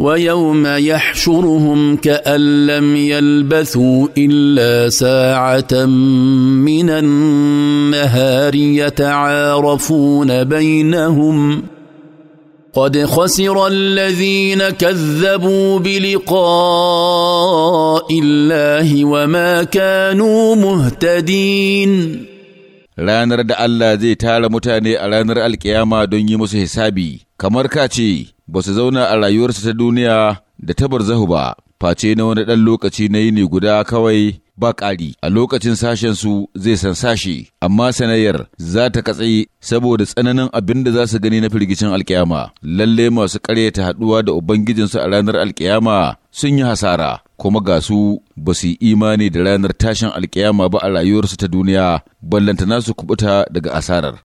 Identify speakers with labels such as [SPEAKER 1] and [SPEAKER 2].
[SPEAKER 1] ويوم يحشرهم كأن لم يلبثوا إلا ساعة من النهار يتعارفون بينهم قد خسر الذين كذبوا بلقاء الله وما
[SPEAKER 2] كانوا مهتدين
[SPEAKER 3] ranar da Allah zai tara mutane a ranar alkiyama don yi musu hisabi, kamar ka ce, ba su zauna a rayuwarsa ta duniya da tabar zahu ba, face na wani ɗan lokaci na yini guda kawai ba ƙari a lokacin sashen su zai san sashe, amma sanayyar za ta katse saboda tsananin abin da za su gani na firgicin alkiyama. Lalle masu ƙaryata haɗuwa da Ubangijinsu a ranar alkiyama sun yi hasara, kuma ga su ba su yi imani da ranar tashin alkiyama ba a rayuwarsu ta duniya, ballanta nasu kubuta daga asarar.